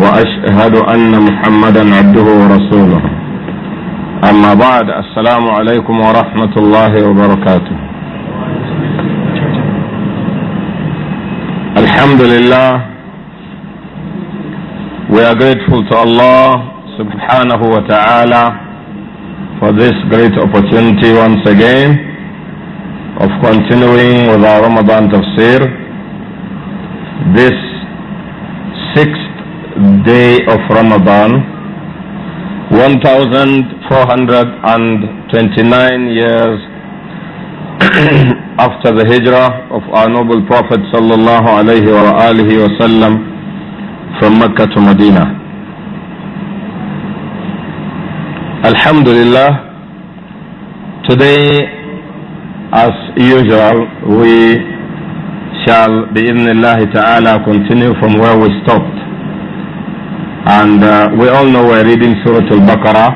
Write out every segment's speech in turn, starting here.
واشهد ان محمدا عبده ورسوله اما بعد السلام عليكم ورحمه الله وبركاته الحمد لله we are grateful to Allah subhanahu wa ta'ala for this great opportunity once again of continuing with our Ramadan tafsir this sixth day of Ramadan, 1429 years after the hijrah of our noble Prophet sallallahu alaihi wasallam from Mecca to Medina. Alhamdulillah, today as usual we shall be in bi ta'ala continue from where we stopped and uh, we all know we're reading Surah Al-Baqarah.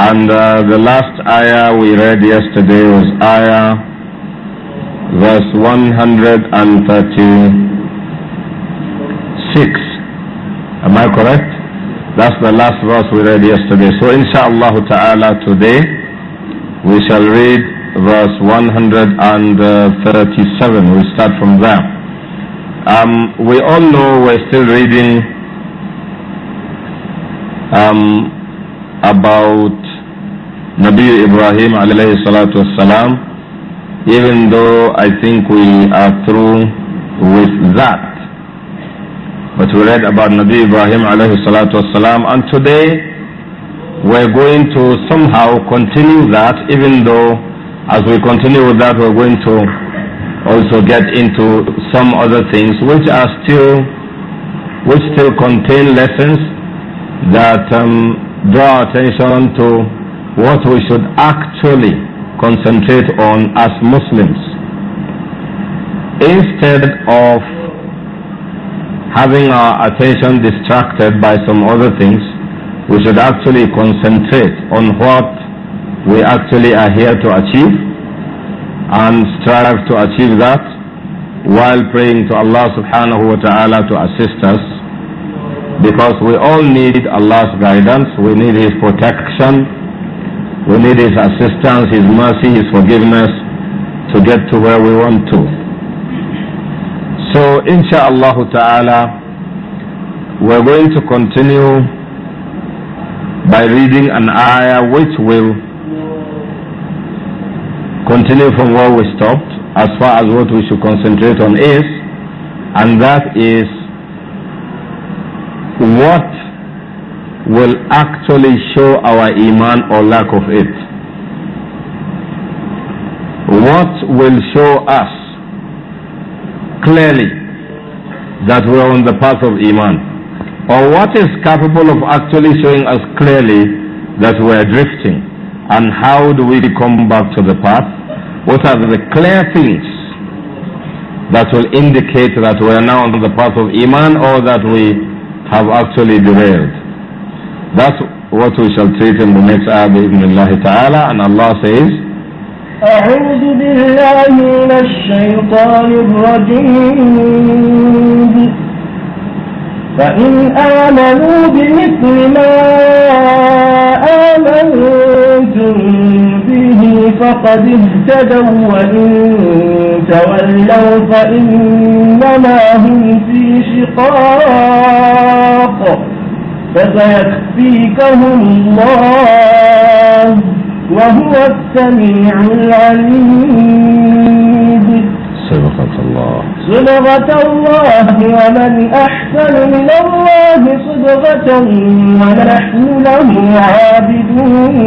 And uh, the last ayah we read yesterday was ayah verse 136. Am I correct? That's the last verse we read yesterday. So inshallah ta'ala today we shall read verse 137. We'll start from there. Um, we all know we're still reading um, about Nabi Ibrahim alayhi salatu wasalam, even though I think we are through with that. But we read about Nabi Ibrahim alayhi salatu wasalam, and today we're going to somehow continue that, even though as we continue with that, we're going to also get into some other things which are still, which still contain lessons that um, draw attention to what we should actually concentrate on as Muslims instead of having our attention distracted by some other things we should actually concentrate on what we actually are here to achieve and strive to achieve that while praying to Allah subhanahu wa ta'ala to assist us because we all need Allah's guidance, we need His protection, we need His assistance, His mercy, His forgiveness to get to where we want to. So, insha'Allah ta'ala, we're going to continue by reading an ayah which will continue from where we stopped as far as what we should concentrate on is, and that is what will actually show our iman or lack of it. What will show us clearly that we're on the path of iman? Or what is capable of actually showing us clearly that we're drifting? And how do we come back to the path? What are the clear things that will indicate that we're now on the path of iman or that we have actually derailed. That's what we shall treat in the next ayah بإذن الله تعالى and Allah says أعوذ بالله من الشيطان الرجيم فإن آمنوا بمثل ما آمنتم به فقد اهتدوا وإن تولوا فإنما هم في شقاق فسيكفيكهم الله وهو السميع العليم صدقك الله صبغة الله ومن أحسن من الله صبغة ونحن له عابدون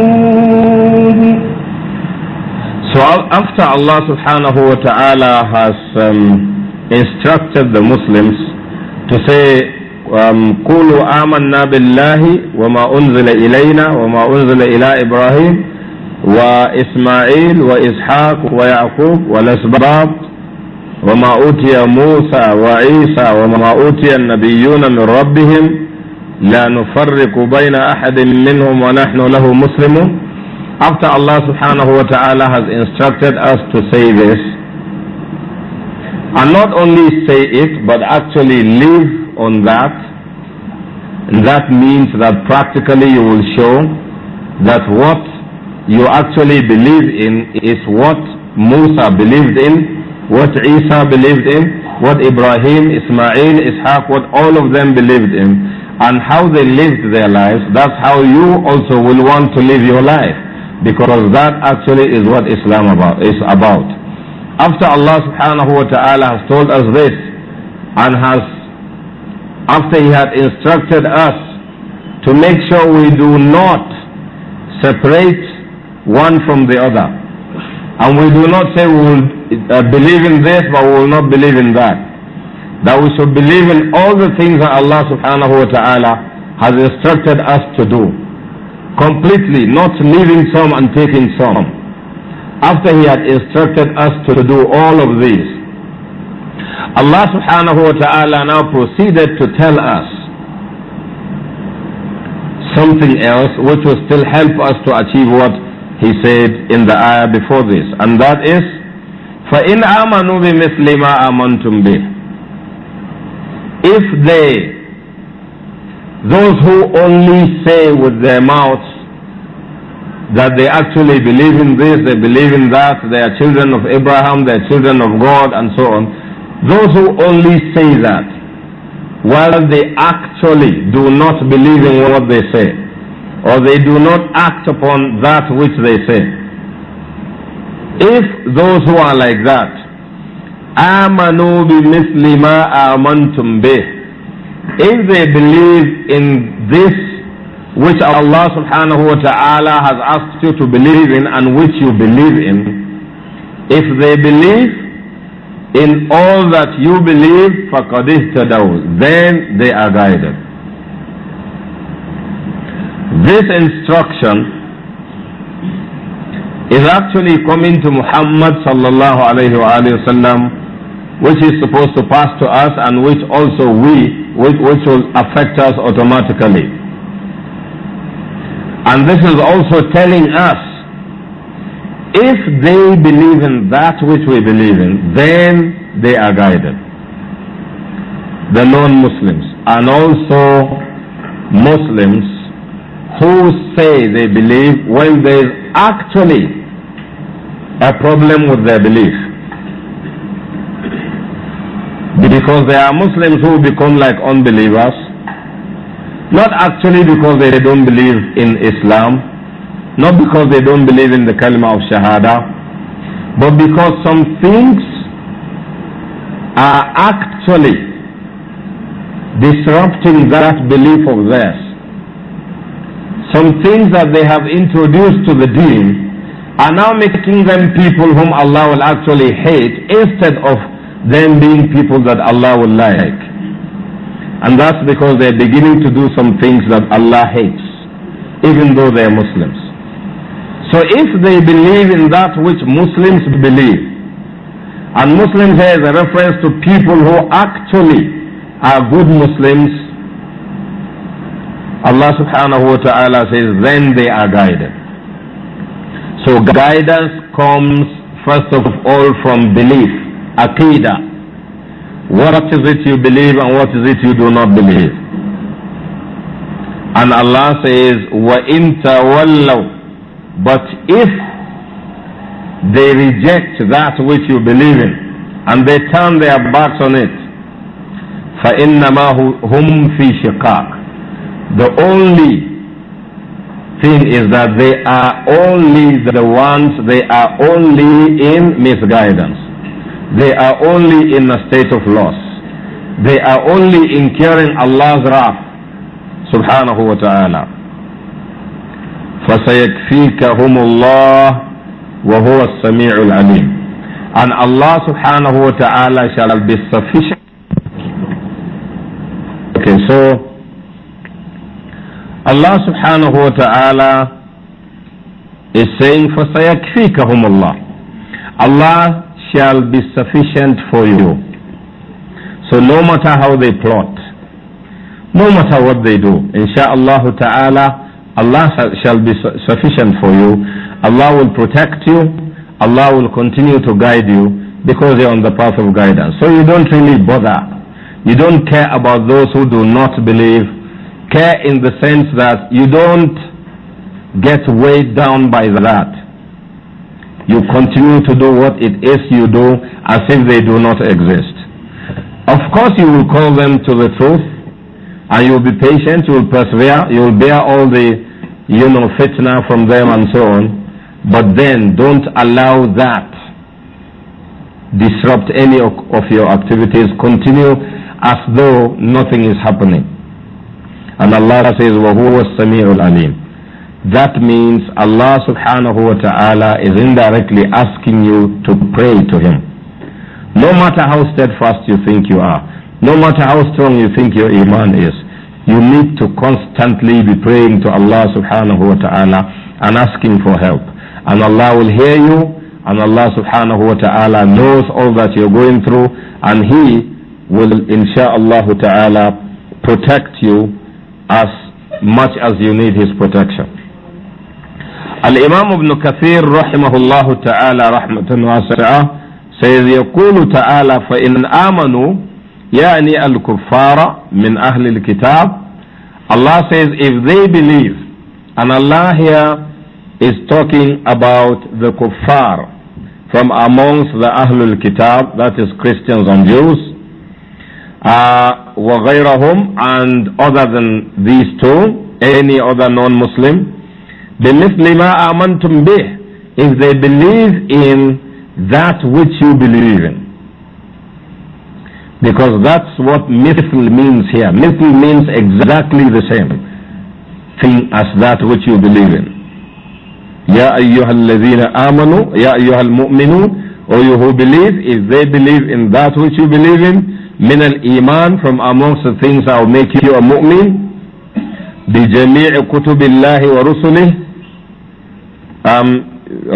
So after Allah subhanahu wa ta'ala has um, instructed the Muslims to say قولوا آمنا بالله وما أنزل إلينا وما أنزل إلى إبراهيم وإسماعيل وإسحاق ويعقوب والأسباب وما أوتي موسى وعيسى وما أوتي النبيون من ربهم لا نفرق بين أحد منهم ونحن له مسلمون After Allah subhanahu wa ta'ala has instructed us to say this, and not only say it, but actually live on that, that means that practically you will show that what you actually believe in is what Musa believed in what Isa believed in, what Ibrahim, Ismail, Ishaq, what all of them believed in, and how they lived their lives, that's how you also will want to live your life. Because that actually is what Islam about, is about. After Allah subhanahu wa ta'ala has told us this, and has, after He had instructed us to make sure we do not separate one from the other, and we do not say we will uh, believe in this, but we will not believe in that. That we should believe in all the things that Allah subhanahu wa ta'ala has instructed us to do. Completely, not leaving some and taking some. After He had instructed us to do all of these, Allah subhanahu wa ta'ala now proceeded to tell us something else which will still help us to achieve what he said in the ayah before this, and that is, فَإِنْ آمَنُوا بِمِثْلِ مَا آمَنْتُمْ بِهِ If they, those who only say with their mouths that they actually believe in this, they believe in that, they are children of Abraham, they are children of God, and so on, those who only say that, while they actually do not believe in what they say, or they do not act upon that which they say. If those who are like that, amanu بِمِثْلِ مَا آمَنْتُمْ بِهِ If they believe in this which Allah subhanahu wa ta'ala has asked you to believe in and which you believe in, if they believe in all that you believe, فَقَدِهْتَدَوْا Then they are guided. This instruction is actually coming to Muhammad sallallahu alayhi wasallam, which is supposed to pass to us and which also we, which, which will affect us automatically. And this is also telling us, if they believe in that which we believe in, then they are guided. The non-Muslims and also Muslims who say they believe when there is actually a problem with their belief. Because there are Muslims who become like unbelievers, not actually because they don't believe in Islam, not because they don't believe in the kalima of Shahada, but because some things are actually disrupting that belief of theirs some things that they have introduced to the deen are now making them people whom Allah will actually hate instead of them being people that Allah will like. And that's because they're beginning to do some things that Allah hates, even though they're Muslims. So if they believe in that which Muslims believe, and Muslims here is a reference to people who actually are good Muslims Allah subhanahu wa ta'ala says, then they are guided. So guidance comes first of all from belief, aqidah. What is it you believe and what is it you do not believe? And Allah says, وَإِن تَوَلَّوْا But if they reject that which you believe in and they turn their backs on it, فَإِنَّمَا هُمْ فِي شِقَاقٍ the only thing is that they are only the ones, they are only in misguidance. They are only in a state of loss. They are only incurring Allah's wrath, subhanahu wa ta'ala. فَسَيَكْفِيكَهُمُ اللَّهُ وَهُوَ السَّمِيعُ الْعَلِيمُ And Allah subhanahu wa ta'ala shall be sufficient. Okay, so Allah subhanahu wa ta'ala is saying, فَسَيَكْفِيكَهُمُ اللَّهُ Allah shall be sufficient for you. So no matter how they plot, no matter what they do, insha'Allah ta'ala, Allah shall be sufficient for you. Allah will protect you. Allah will continue to guide you because you're on the path of guidance. So you don't really bother. You don't care about those who do not believe care in the sense that you don't get weighed down by that. You continue to do what it is you do as if they do not exist. Of course, you will call them to the truth and you'll be patient, you'll persevere, you'll bear all the, you know, fitna from them and so on. But then don't allow that disrupt any of your activities. Continue as though nothing is happening. And Allah says, وَهُوَ السَّمِيعُ الْعَلِيمُ That means Allah subhanahu wa ta'ala is indirectly asking you to pray to Him. No matter how steadfast you think you are, no matter how strong you think your iman is, you need to constantly be praying to Allah subhanahu wa ta'ala and asking for help. And Allah will hear you and Allah subhanahu wa ta'ala knows all that you're going through and He will insha'Allah ta'ala protect you as much as you need his protection. الإمام ابن كثير رحمه الله تعالى رحمة واسعة سيد يقول تعالى فإن آمنوا يعني الكفار من أهل الكتاب Allah says if they believe and Allah here is talking about the kuffar from amongst the Ahlul Kitab that is Christians and Jews uh, وغيرهم and other than these two, any other non-Muslim, بمثل ما آمنتم به if they believe in that which you believe in. Because that's what mithl means here. Mithl means exactly the same thing as that which you believe in. يا أيها الذين آمنوا يا أيها المؤمنون or you who believe, if they believe in that which you believe in, من الإيمان from amongst the things that will make you a mu'min بجميع كتب الله ورسله um,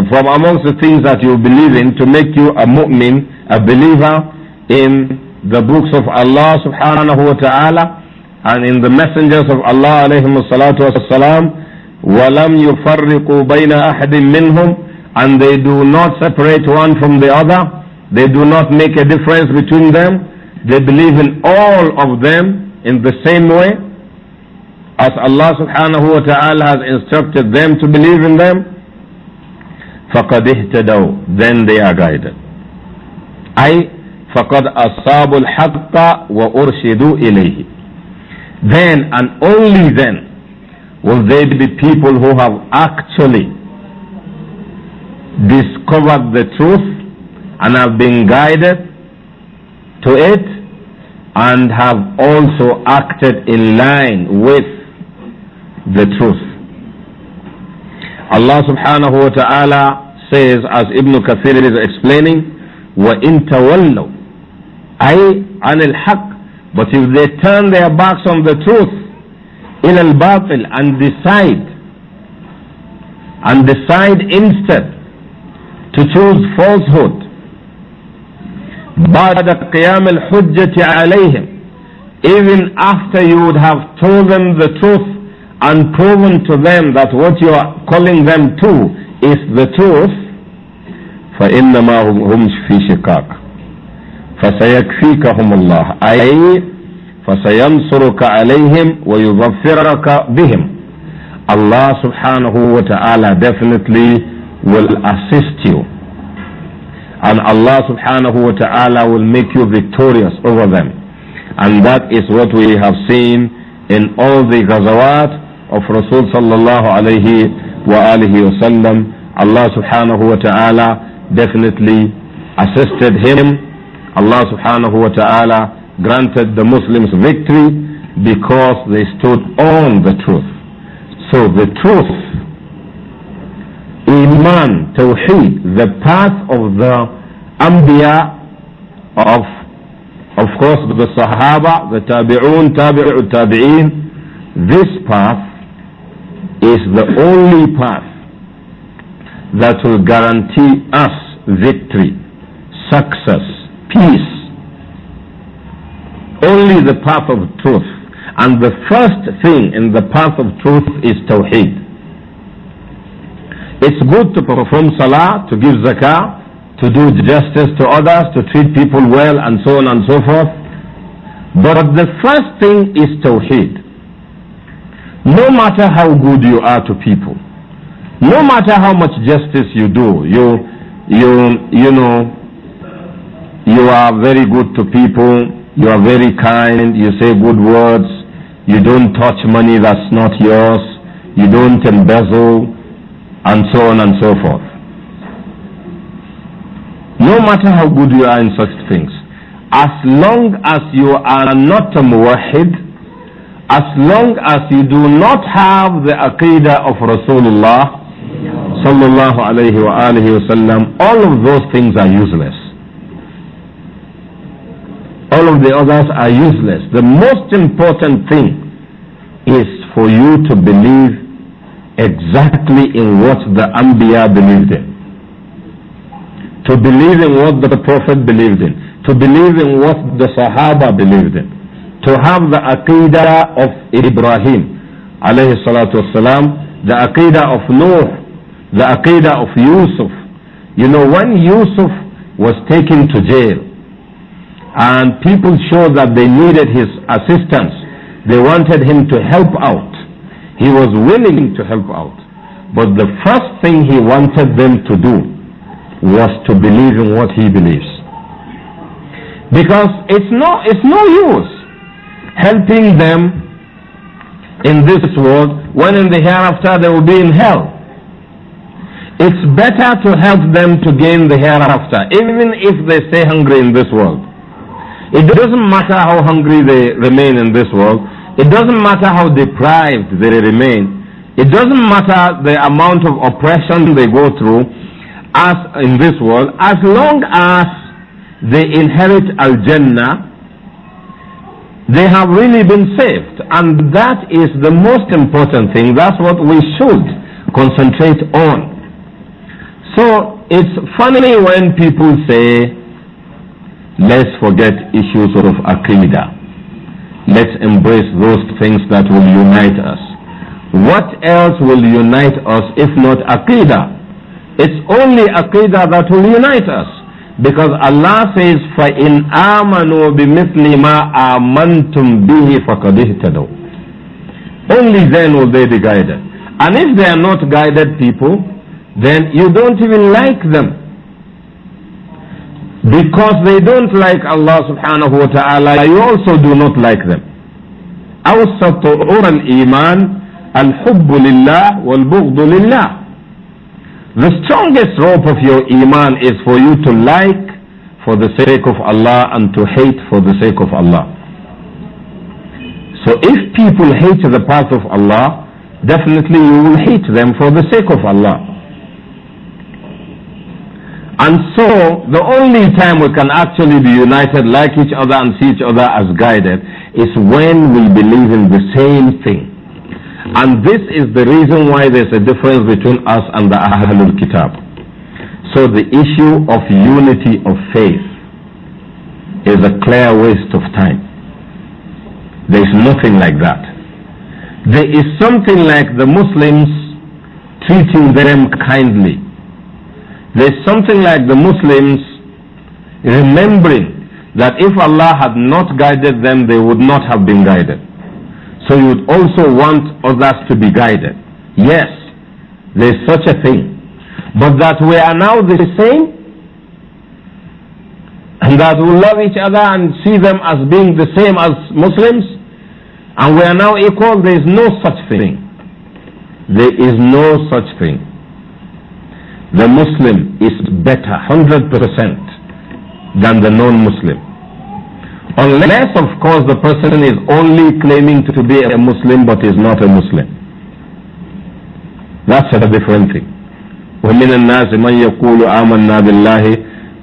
from amongst the things that you believe in to make you a mu'min a believer in the books of Allah subhanahu wa ta'ala and in the messengers of Allah alayhim salatu wasalam ولم يفرقوا بين أحد منهم and they do not separate one from the other they do not make a difference between them they believe in all of them in the same way as Allah subhanahu wa ta'ala has instructed them to believe in them. فَقَدْ اهْتَدَوْا Then they are guided. أي فَقَدْ أَصَابُ الْحَقَّ وَأُرْشِدُوا إِلَيْهِ Then and only then will they be people who have actually discovered the truth and have been guided to it and have also acted in line with the truth. Allah subhanahu wa ta'ala says as Ibn Kathir is explaining, وَإِن تَوَلَّوْا أي عن الحق but if they turn their backs on the truth إلى الباطل and decide and decide instead to choose falsehood بعد قيام الحجة عليهم even after you would have told them the truth and proven to them that what you are calling them to is the truth فإنما هم في شقاق فسيكفيكهم الله أي فسينصرك عليهم ويظفرك بهم Allah subhanahu wa ta'ala definitely will assist you and Allah subhanahu wa ta'ala will make you victorious over them. And that is what we have seen in all the ghazawat of Rasul sallallahu alayhi wa alihi wa sallam. Allah subhanahu wa ta'ala definitely assisted him. Allah subhanahu wa ta'ala granted the Muslims victory because they stood on the truth. So the truth Iman, Tawheed, the path of the Anbiya, of, of course, the Sahaba, the Tabi'un, Tabi'u, Tabi'in. This path is the only path that will guarantee us victory, success, peace. Only the path of truth. And the first thing in the path of truth is Tawheed. It's good to perform salah, to give zakah, to do justice to others, to treat people well, and so on and so forth. But the first thing is tawheed. No matter how good you are to people, no matter how much justice you do, you, you, you know, you are very good to people, you are very kind, you say good words, you don't touch money that's not yours, you don't embezzle, and so on and so forth. No matter how good you are in such things, as long as you are not a muwahid, as long as you do not have the aqidah of Rasulullah sallallahu alayhi wa alihi wasallam, all of those things are useless. All of the others are useless. The most important thing is for you to believe exactly in what the Anbiya believed in. To believe in what the Prophet believed in. To believe in what the Sahaba believed in. To have the Aqidah of Ibrahim alayhi salatu wasalam, the Aqidah of Noah, the Aqidah of Yusuf. You know, when Yusuf was taken to jail and people showed that they needed his assistance, they wanted him to help out. He was willing to help out. But the first thing he wanted them to do was to believe in what he believes. Because it's no, it's no use helping them in this world when in the hereafter they will be in hell. It's better to help them to gain the hereafter, even if they stay hungry in this world. It doesn't matter how hungry they remain in this world, it doesn't matter how deprived they remain. It doesn't matter the amount of oppression they go through as in this world, as long as they inherit Al Jannah, they have really been saved. And that is the most important thing. That's what we should concentrate on. So it's funny when people say, let's forget issues of Aqidah. Let's embrace those things that will unite us. What else will unite us if not Aqidah? It's only Aqidah that will unite us. Because Allah says, فَإِنْ آمَنُوا بِمِثْلِ مَا آمَنْتُمْ بِهِ فَقَدْ اهْتَدَوْا Only then will they be guided. And if they are not guided people, then you don't even like them. Because they don't like Allah subhanahu wa ta'ala, you also do not like them. أوسط أمور الإيمان الحب لله والبغض لله. The strongest rope of your iman is for you to like for the sake of Allah and to hate for the sake of Allah. So if people hate the path of Allah, definitely you will hate them for the sake of Allah. And so, the only time we can actually be united, like each other, and see each other as guided, is when we believe in the same thing. And this is the reason why there's a difference between us and the Ahlul Kitab. So the issue of unity of faith is a clear waste of time. There is nothing like that. There is something like the Muslims treating them kindly there's something like the Muslims remembering that if Allah had not guided them, they would not have been guided. So you would also want others to be guided. Yes, there's such a thing. But that we are now the same, and that we love each other and see them as being the same as Muslims, and we are now equal, there is no such thing. There is no such thing the Muslim is better 100% than the non-Muslim. Unless, of course, the person is only claiming to be a Muslim but is not a Muslim. That's a different thing. ومن الناس من يقول آمنا بالله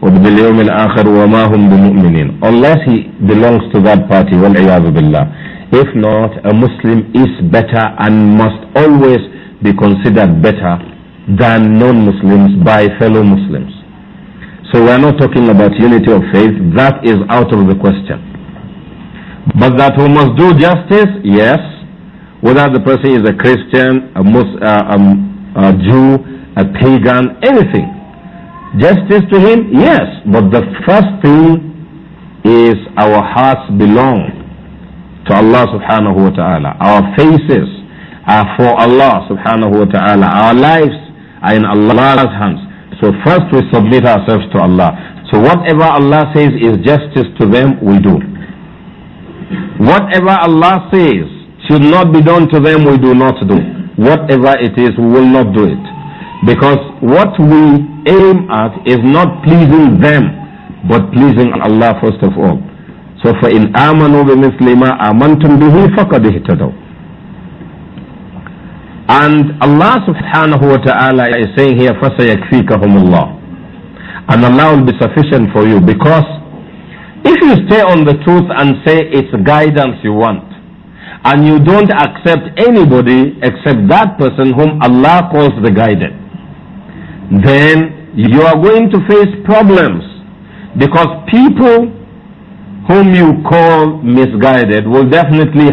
وباليوم الآخر وما هم بمؤمنين unless he belongs to that party والعياذ بالله if not a Muslim is better and must always be considered better than non-Muslims by fellow Muslims. So we are not talking about unity of faith. That is out of the question. But that we must do justice, yes. Whether the person is a Christian, a, uh, um, a Jew, a pagan, anything. Justice to him, yes. But the first thing is our hearts belong to Allah subhanahu wa ta'ala. Our faces are for Allah subhanahu wa ta'ala. Our lives are in Allah's hands. So first we submit ourselves to Allah. So whatever Allah says is justice to them, we do. Whatever Allah says should not be done to them, we do not do. Whatever it is, we will not do it. Because what we aim at is not pleasing them, but pleasing Allah first of all. So for in amanu بِمِثْلِ مَا آمَنْتُمْ بِهِ فَقَدْ اِهْتَدَوْا and Allah subhanahu wa ta'ala is saying here, فَسَيَكْفِيكَهُمُ اللَّهُ And Allah will be sufficient for you because if you stay on the truth and say it's guidance you want, and you don't accept anybody except that person whom Allah calls the guided, then you are going to face problems because people whom you call misguided will definitely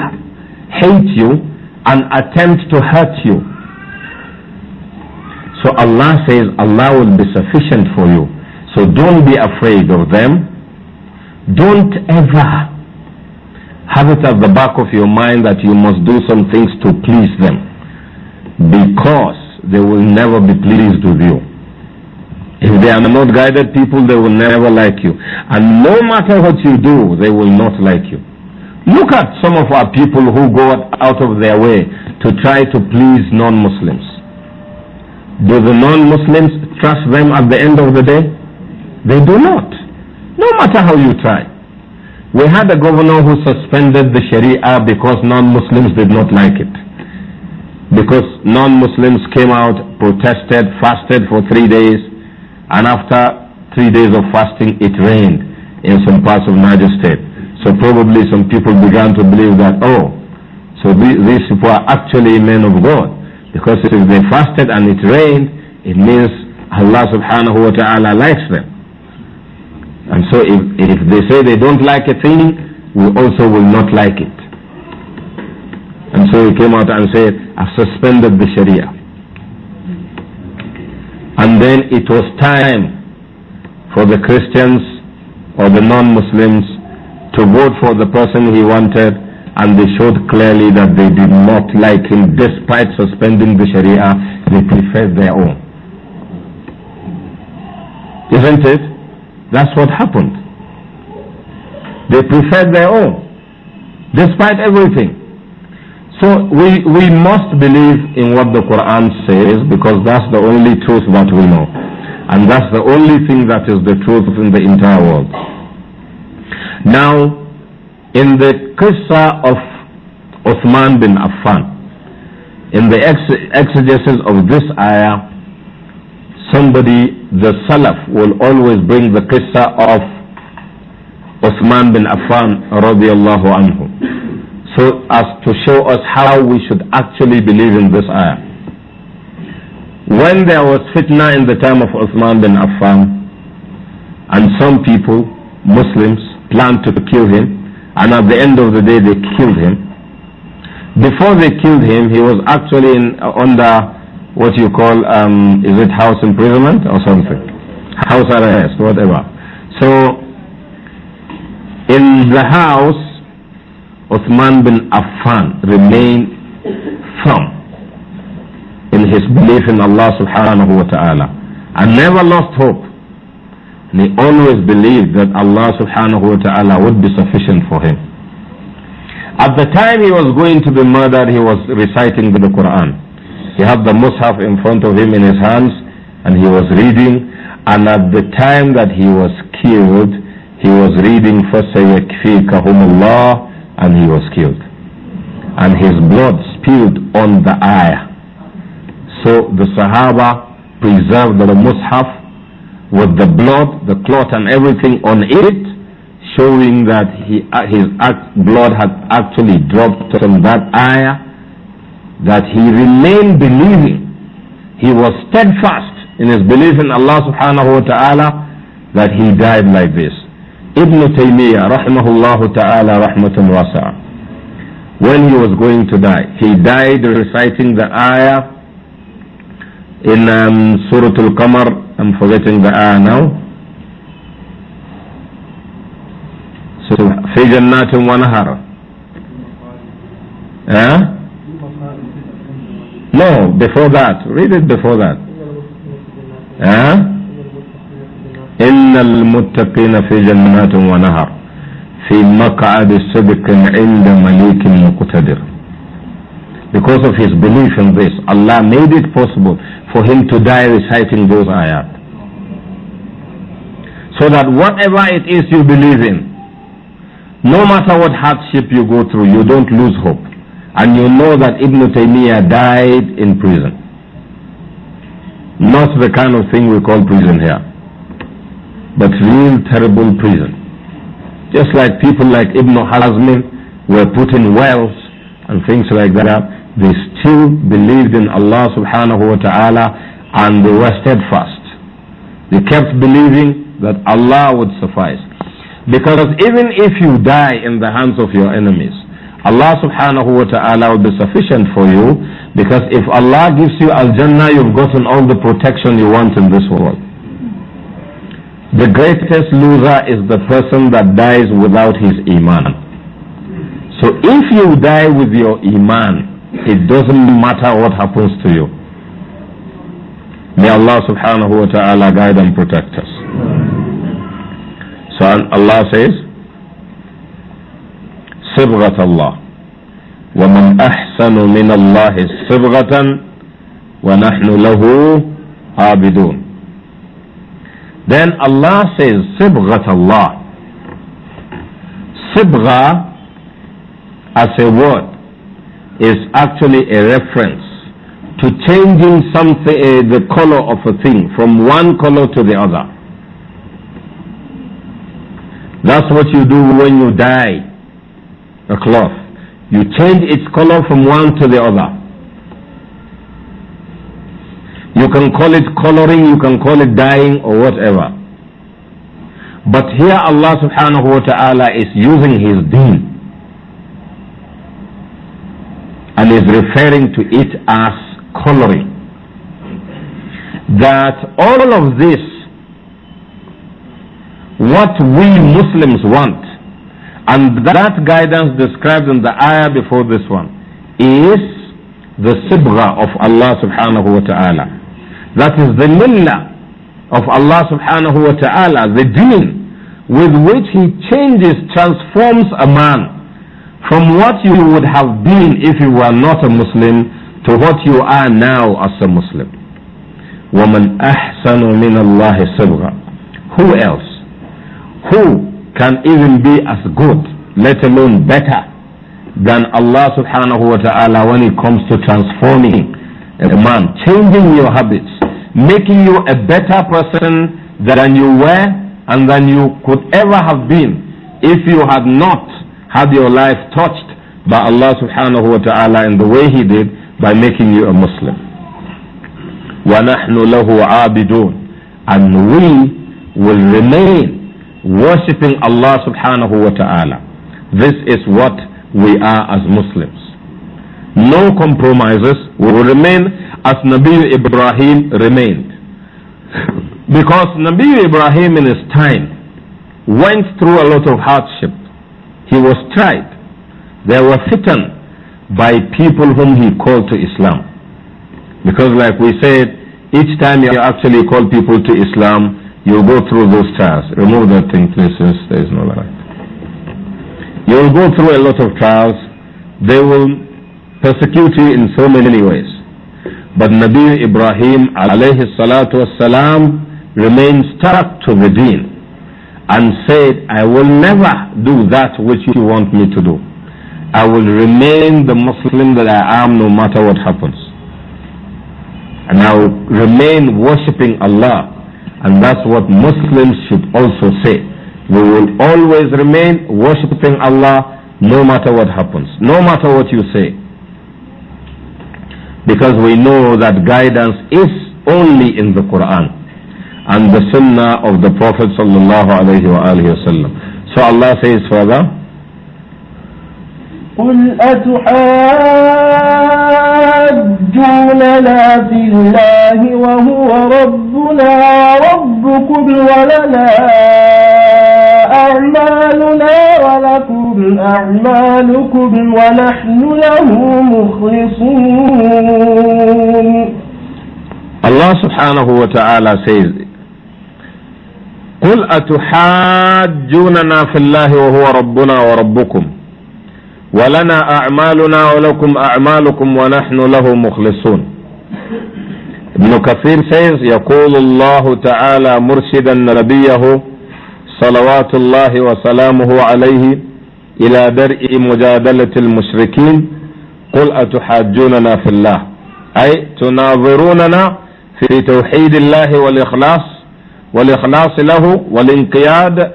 hate you and attempt to hurt you. So Allah says Allah will be sufficient for you. So don't be afraid of them. Don't ever have it at the back of your mind that you must do some things to please them because they will never be pleased with you. If they are not guided people, they will never like you. And no matter what you do, they will not like you. Look at some of our people who go out of their way to try to please non-Muslims. Do the non-Muslims trust them at the end of the day? They do not. No matter how you try. We had a governor who suspended the Sharia because non-Muslims did not like it. Because non-Muslims came out, protested, fasted for three days, and after three days of fasting, it rained in some parts of Niger State. So probably some people began to believe that, oh, so these people are actually men of God. Because if they fasted and it rained, it means Allah subhanahu wa ta'ala likes them. And so if, if they say they don't like a thing, we also will not like it. And so he came out and said, I've suspended the Sharia. And then it was time for the Christians or the non-Muslims to vote for the person he wanted and they showed clearly that they did not like him despite suspending the Sharia, they preferred their own. Isn't it? That's what happened. They preferred their own despite everything. So we, we must believe in what the Quran says because that's the only truth that we know. And that's the only thing that is the truth in the entire world. Now, in the qissa of Uthman bin Affan, in the exegesis of this ayah, somebody, the Salaf, will always bring the qissa of Uthman bin Affan radiallahu anhu. So as to show us how we should actually believe in this ayah. When there was fitna in the time of Uthman bin Affan, and some people, Muslims, planned to kill him, and at the end of the day they killed him. Before they killed him, he was actually in, uh, under what you call, um, is it house imprisonment or something? House arrest, whatever. So, in the house, Uthman bin Affan remained firm in his belief in Allah subhanahu wa ta'ala and never lost hope. He always believed that Allah subhanahu wa ta'ala would be sufficient for him. At the time he was going to be murdered, he was reciting the Quran. He had the Mus'haf in front of him in his hands and he was reading. And at the time that he was killed, he was reading فَسَيَكْفِيكَهُمُ اللَّهُ and he was killed. And his blood spilled on the ayah. So the Sahaba preserved the Mus'haf with the blood, the clot and everything on it, showing that he, uh, his act, blood had actually dropped from that ayah, that he remained believing. He was steadfast in his belief in Allah subhanahu wa ta'ala that he died like this. Ibn Taymiyyah, rahimahullah ta'ala, rahmatun wasa. When he was going to die, he died reciting the ayah in um, Surah Al-Qamar I'm forgetting the ayah now. So, في جنات ونهر. Huh? No, before that. Read it before that. Huh? إن المتقين في جنات ونهر في مقعد صدق عند مليك مقتدر Because of his belief in this, Allah made it possible for him to die reciting those ayat. So that whatever it is you believe in, no matter what hardship you go through, you don't lose hope. And you know that Ibn Taymiyyah died in prison. Not the kind of thing we call prison here, but real terrible prison. Just like people like Ibn Hazm were put in wells and things like that they still believed in Allah subhanahu wa ta'ala and they were steadfast. They kept believing that Allah would suffice. Because even if you die in the hands of your enemies, Allah subhanahu wa ta'ala will be sufficient for you because if Allah gives you Al-Jannah, you've gotten all the protection you want in this world. The greatest loser is the person that dies without his Iman. So if you die with your Iman, it doesn't matter what happens to you. May Allah subhanahu wa ta'ala guide and protect us. So Allah says, صبغة Allah, ومن أحسن من الله صبغة ونحن له عابدون Then Allah says صبغة الله صبغة as a word is actually a reference to changing something, uh, the color of a thing from one color to the other. That's what you do when you dye a cloth. You change its color from one to the other. You can call it coloring, you can call it dyeing or whatever. But here Allah subhanahu wa ta'ala is using his deen is referring to it as coloring. That all of this, what we Muslims want, and that guidance described in the ayah before this one, is the sibra of Allah subhanahu wa ta'ala. That is the millah of Allah subhanahu wa ta'ala, the deen with which He changes, transforms a man from what you would have been if you were not a Muslim to what you are now as a Muslim. woman. أَحْسَنُ مِنَ اللَّهِ صِبْغًا Who else? Who can even be as good, let alone better, than Allah subhanahu wa ta'ala when it comes to transforming a man, changing your habits, making you a better person than you were and than you could ever have been if you had not had your life touched by Allah subhanahu wa ta'ala in the way He did by making you a Muslim. وَنَحْنُ لَهُ عَابِدُونَ And we will remain worshipping Allah subhanahu wa ta'ala. This is what we are as Muslims. No compromises. We will remain as Nabi Ibrahim remained. Because Nabi Ibrahim in his time went through a lot of hardship he was tried. There were fitan by people whom he called to Islam. Because like we said, each time you actually call people to Islam, you go through those trials. Remove that thing, please, since there is no light. You will go through a lot of trials. They will persecute you in so many ways. But Nabi Ibrahim alayhi salatu wasalam remained stuck to the deen and said, I will never do that which you want me to do. I will remain the Muslim that I am no matter what happens. And I will remain worshipping Allah. And that's what Muslims should also say. We will always remain worshipping Allah no matter what happens, no matter what you say. Because we know that guidance is only in the Quran. and the sunnah of the Prophet sallallahu alayhi wa wa sallam. So Allah says further, قل أتحاجوننا في الله وهو ربنا وربكم ولنا أعمالنا ولكم أعمالكم ونحن له مخلصون subhanahu wa ta'ala says قل أتحاجوننا في الله وهو ربنا وربكم ولنا أعمالنا ولكم أعمالكم ونحن له مخلصون ابن كثير says يقول الله تعالى مرشدا نبيه صلوات الله وسلامه عليه إلى درء مجادلة المشركين قل أتحاجوننا في الله أي تناظروننا في توحيد الله والإخلاص والإخلاص له والانقياد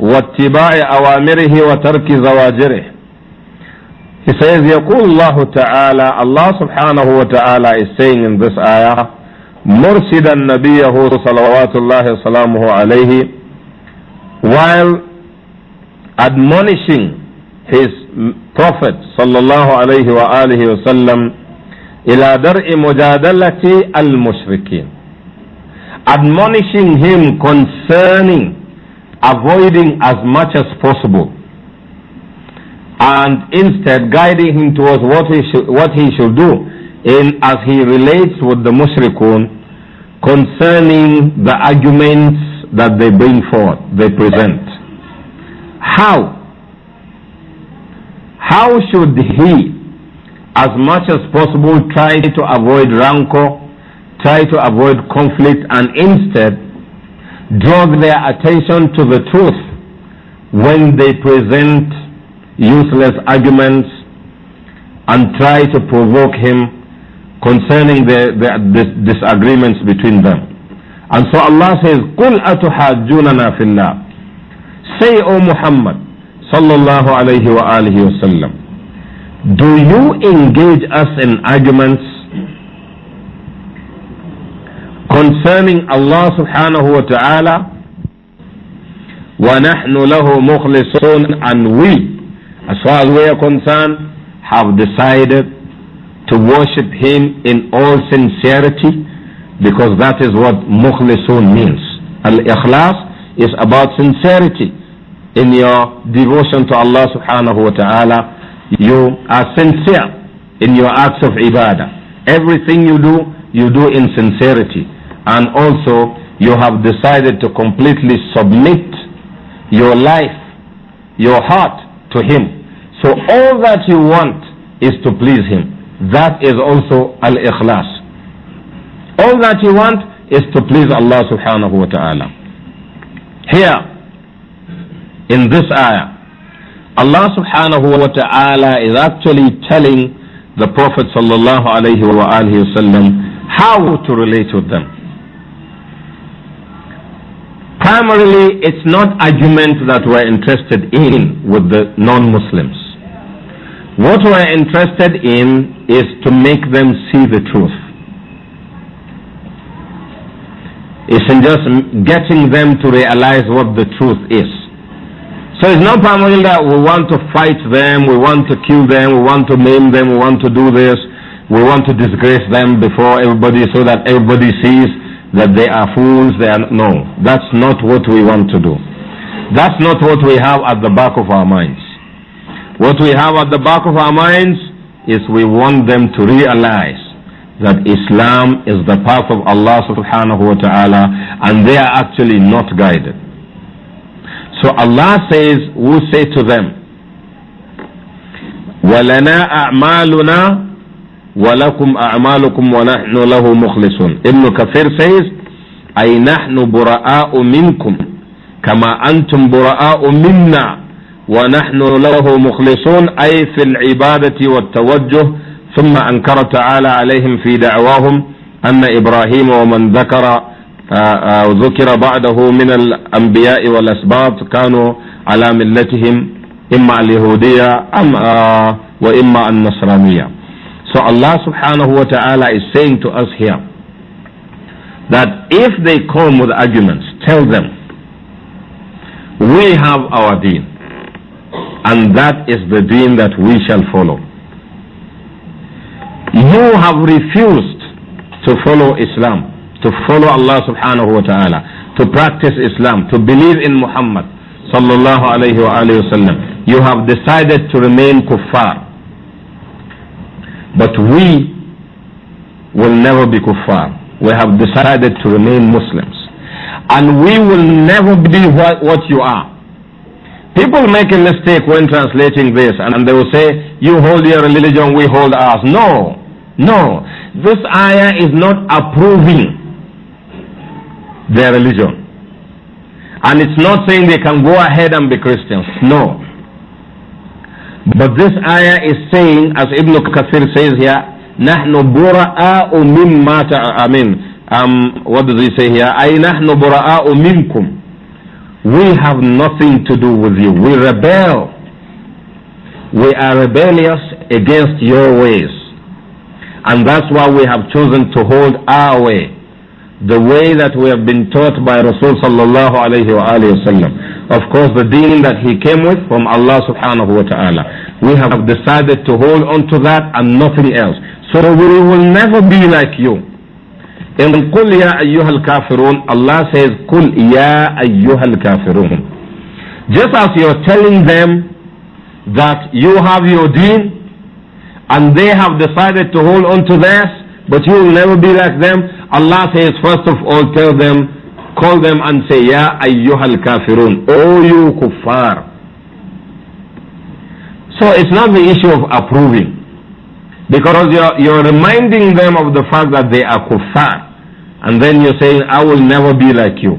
واتباع أوامره وترك زواجره He says يقول الله تعالى Allah subhanahu wa ta'ala is saying in this ayah مرشدا نبيه صلوات الله وسلامه عليه while admonishing his prophet صلى الله عليه وآله وسلم إلى درء مجادلة المشركين admonishing him concerning avoiding as much as possible and instead guiding him towards what he should, what he should do in as he relates with the mushrikun concerning the arguments that they bring forth, they present. How? How should he, as much as possible, try to avoid rancor try to avoid conflict and instead draw their attention to the truth when they present useless arguments and try to provoke him concerning the, the, the disagreements between them. And so Allah says, قُلْ أَتُحَاجُّونَنَا فِي Say, O Muhammad, sallallahu alayhi wa alihi wasallam, do you engage us in arguments concerning Allah subhanahu wa ta'ala وَنَحْنُ لَهُ مُخْلِصُونَ And we, as far as we are concerned, have decided to worship Him in all sincerity because that is what مُخْلِصُون means. Al-Ikhlas is about sincerity in your devotion to Allah subhanahu wa ta'ala. You are sincere in your acts of ibadah. Everything you do, you do in sincerity and also you have decided to completely submit your life, your heart to Him. So all that you want is to please Him. That is also al-ikhlas. All that you want is to please Allah subhanahu wa ta'ala. Here, in this ayah, Allah subhanahu wa ta'ala is actually telling the Prophet sallallahu alayhi wa alihi how to relate with them primarily it's not argument that we're interested in with the non-Muslims. What we're interested in is to make them see the truth. It's in just getting them to realize what the truth is. So it's not primarily that we want to fight them, we want to kill them, we want to maim them, we want to do this, we want to disgrace them before everybody so that everybody sees that they are fools, they are no, that's not what we want to do. That's not what we have at the back of our minds. What we have at the back of our minds is we want them to realize that Islam is the path of Allah subhanahu wa ta'ala and they are actually not guided. So Allah says, we say to them, وَلَنَا أَعْمَالُنَا ولكم أعمالكم ونحن له مخلصون ابن كثير says أي نحن براء منكم كما أنتم براء منا ونحن له مخلصون أي في العبادة والتوجه ثم أنكر تعالى عليهم في دعواهم أن إبراهيم ومن ذكر آه، آه، ذكر بعده من الأنبياء والأسباط كانوا على ملتهم إما اليهودية أم آه، وإما النصرانية So Allah subhanahu wa ta'ala is saying to us here that if they come with arguments, tell them, we have our deen and that is the deen that we shall follow. You have refused to follow Islam, to follow Allah subhanahu wa ta'ala, to practice Islam, to believe in Muhammad sallallahu alayhi wa You have decided to remain kuffar. But we will never be kuffar. We have decided to remain Muslims. And we will never be what, what you are. People make a mistake when translating this and they will say, you hold your religion, we hold ours. No, no. This ayah is not approving their religion. And it's not saying they can go ahead and be Christians. No. But this ayah is saying, as Ibn Kathir says here, نحن براء مما تعمل um, what does he say here أي نحن براء منكم we have nothing to do with you we rebel we are rebellious against your ways and that's why we have chosen to hold our way the way that we have been taught by Rasul sallallahu alayhi wa of course, the deen that he came with from Allah subhanahu wa ta'ala. We have decided to hold on to that and nothing else. So we will never be like you. In قل يا أيها الكافرون, Allah says, قل يا أيها الكافرون. Just as you're telling them that you have your deen and they have decided to hold on to theirs, but you will never be like them, Allah says, first of all, tell them, Call them and say, Ya ayyuhal kafirun, O you kuffar. So it's not the issue of approving. Because you're, you're reminding them of the fact that they are kuffar. And then you're saying, I will never be like you.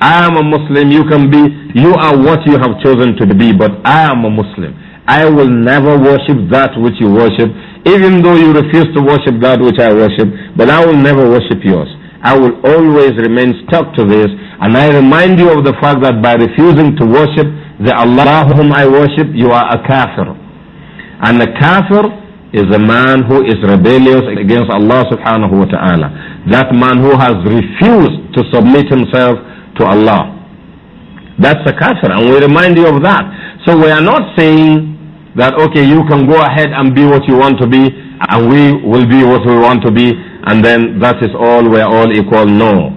I am a Muslim, you can be, you are what you have chosen to be, but I am a Muslim. I will never worship that which you worship, even though you refuse to worship that which I worship, but I will never worship yours. I will always remain stuck to this. And I remind you of the fact that by refusing to worship the Allah whom I worship, you are a kafir. And a kafir is a man who is rebellious against Allah subhanahu wa ta'ala. That man who has refused to submit himself to Allah. That's a kafir. And we remind you of that. So we are not saying that okay you can go ahead and be what you want to be and we will be what we want to be and then that is all, we're all equal. No.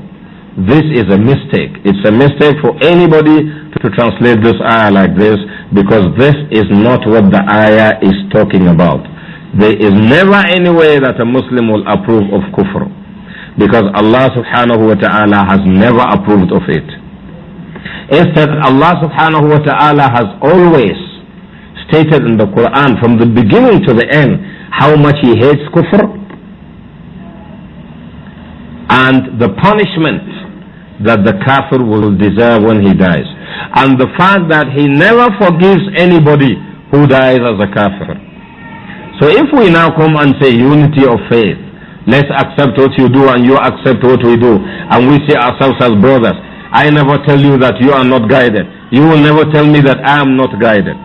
This is a mistake. It's a mistake for anybody to translate this ayah like this because this is not what the ayah is talking about. There is never any way that a Muslim will approve of kufr because Allah subhanahu wa ta'ala has never approved of it. Instead, Allah subhanahu wa ta'ala has always stated in the Quran from the beginning to the end how much He hates kufr and the punishment that the kafir will deserve when he dies. And the fact that he never forgives anybody who dies as a kafir. So if we now come and say unity of faith, let's accept what you do and you accept what we do, and we see ourselves as brothers, I never tell you that you are not guided. You will never tell me that I am not guided.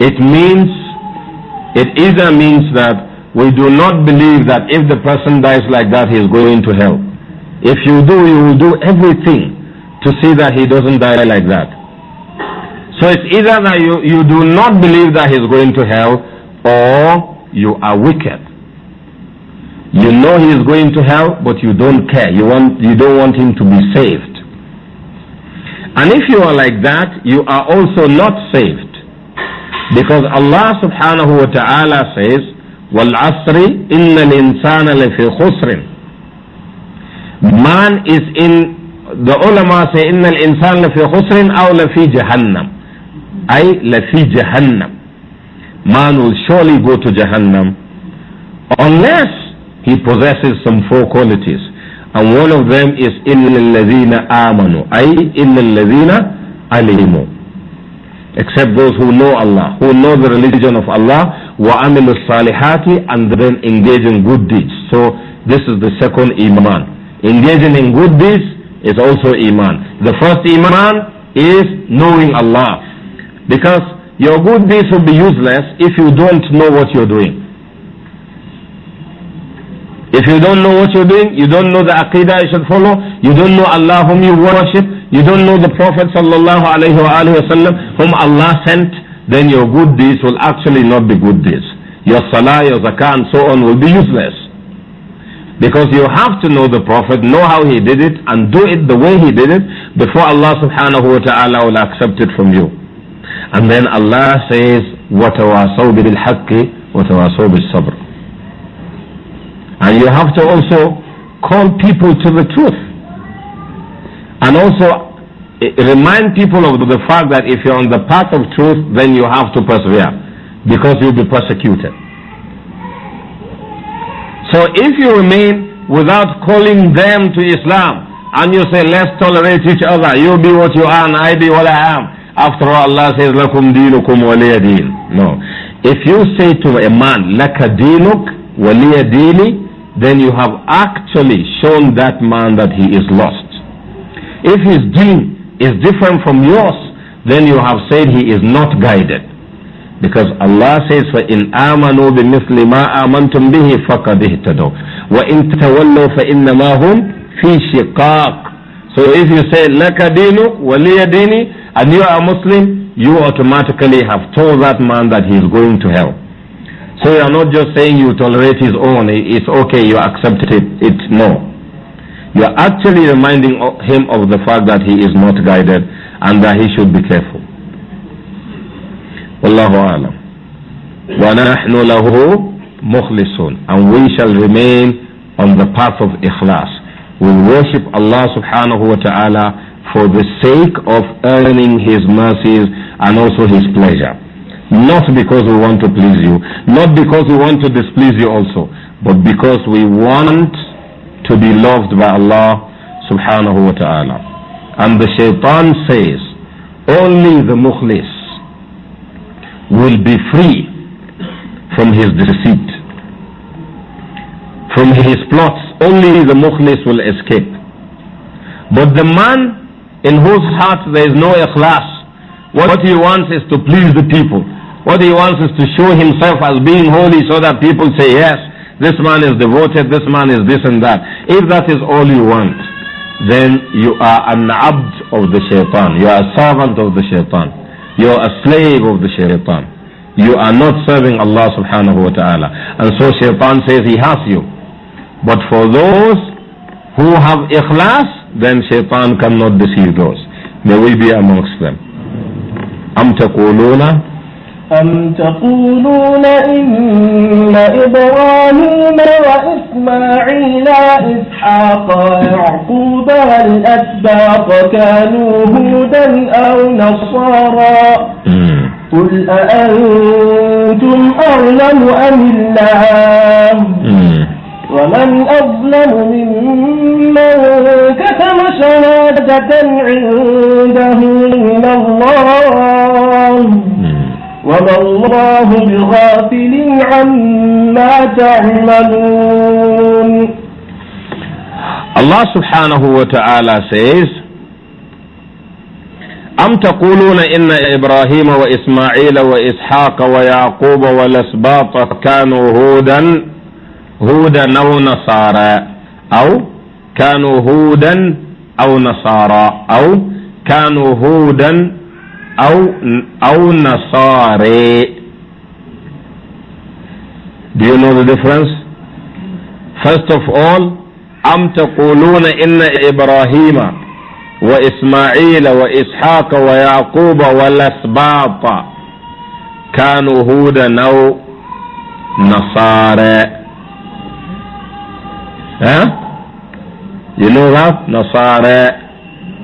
It means, it either means that we do not believe that if the person dies like that, he is going to hell. If you do, you will do everything to see that he doesn't die like that. So it's either that you, you do not believe that he's going to hell or you are wicked. You know he is going to hell, but you don't care. You, want, you don't want him to be saved. And if you are like that, you are also not saved. Because Allah subhanahu wa ta'ala says, والعصر إن الإنسان لفي خسر man is in the ulama say إن الإنسان لفي خسر أو لفي جهنم أي لفي جهنم man will surely go to جهنم unless he possesses some four qualities and one of them is إن الذين آمنوا أي إن الذين أليموا except those who know Allah, who know the religion of Allah, wa وَعَمِلُ salihati, and then engage in good deeds. So this is the second iman. Engaging in good deeds is also iman. The first iman is knowing Allah. Because your good deeds will be useless if you don't know what you're doing. If you don't know what you're doing, you don't know the aqidah you should follow, you don't know Allah whom you worship, you don't know the Prophet sallallahu alayhi wasallam whom Allah sent, then your good deeds will actually not be good deeds. Your salah, your zakah and so on will be useless. Because you have to know the Prophet, know how he did it and do it the way he did it before Allah subhanahu wa ta'ala will accept it from you. And then Allah says, وَتَوَاسَوْا بِالْحَقِّ وَتَوَاسَوْا بِالصَّبْرِ And you have to also call people to the truth. And also, remind people of the fact that if you're on the path of truth, then you have to persevere because you'll be persecuted. So if you remain without calling them to Islam and you say, let's tolerate each other, you be what you are and I be what I am. After all, Allah says, lakum dinukum waliya deen. No. If you say to a man, laka dinuk waliya deeni, then you have actually shown that man that he is lost. If his deen is different from yours, then you have said he is not guided. Because Allah says, فَإِنْ آمَنُوا بِمِثْلِ مَا آمَنْتُمْ بِهِ فَقَدْ اِهْتَدَوْا وَإِنْ تَوَلَّوْا فَإِنَّمَا هُمْ فِي شِقَاقٍ So if you say, لَكَ دِينُ وَلِيَ دِينِ and you are Muslim, you automatically have told that man that he is going to hell. So you are not just saying you tolerate his own, it's okay, you accept it, it's no. You're actually reminding him of the fact that he is not guided and that he should be careful. Allahu alam. وَنَحْنُ لَهُ مُخْلِصُونَ And we shall remain on the path of ikhlas. We'll worship Allah subhanahu wa ta'ala for the sake of earning His mercies and also His pleasure. Not because we want to please you, not because we want to displease you also, but because we want to be loved by Allah subhanahu wa ta'ala. And the shaitan says, only the mukhlis will be free from his deceit, from his plots. Only the mukhlis will escape. But the man in whose heart there is no ikhlas, what he wants is to please the people. What he wants is to show himself as being holy so that people say yes. This man is devoted, this man is this and that. If that is all you want, then you are an abd of the shaitan. You are a servant of the shaitan. You are a slave of the shaitan. You are not serving Allah subhanahu wa ta'ala. And so shaitan says he has you. But for those who have ikhlas, then shaitan cannot deceive those. May we be amongst them. أم تقولون أم تقولون إن إبراهيم وإسماعيل وإسحاق ويعقوب والأسباط كانوا هودا أو نصارا قل أأنتم أعلم أم الله ومن أظلم ممن كتم شهادة عنده من الله وما الله بغافل عما تعملون الله سبحانه وتعالى says أم تقولون إن إبراهيم وإسماعيل وإسحاق ويعقوب والأسباط كانوا هودا هودا أو نصارى أو كانوا هودا أو نصارى أو كانوا هودا أو أو نصاري Do you know the difference? First of all, أم تقولون إن إبراهيم وإسماعيل وإسحاق ويعقوب والأسباط كانوا هودا أو نصارى ها؟ You know that? نصارى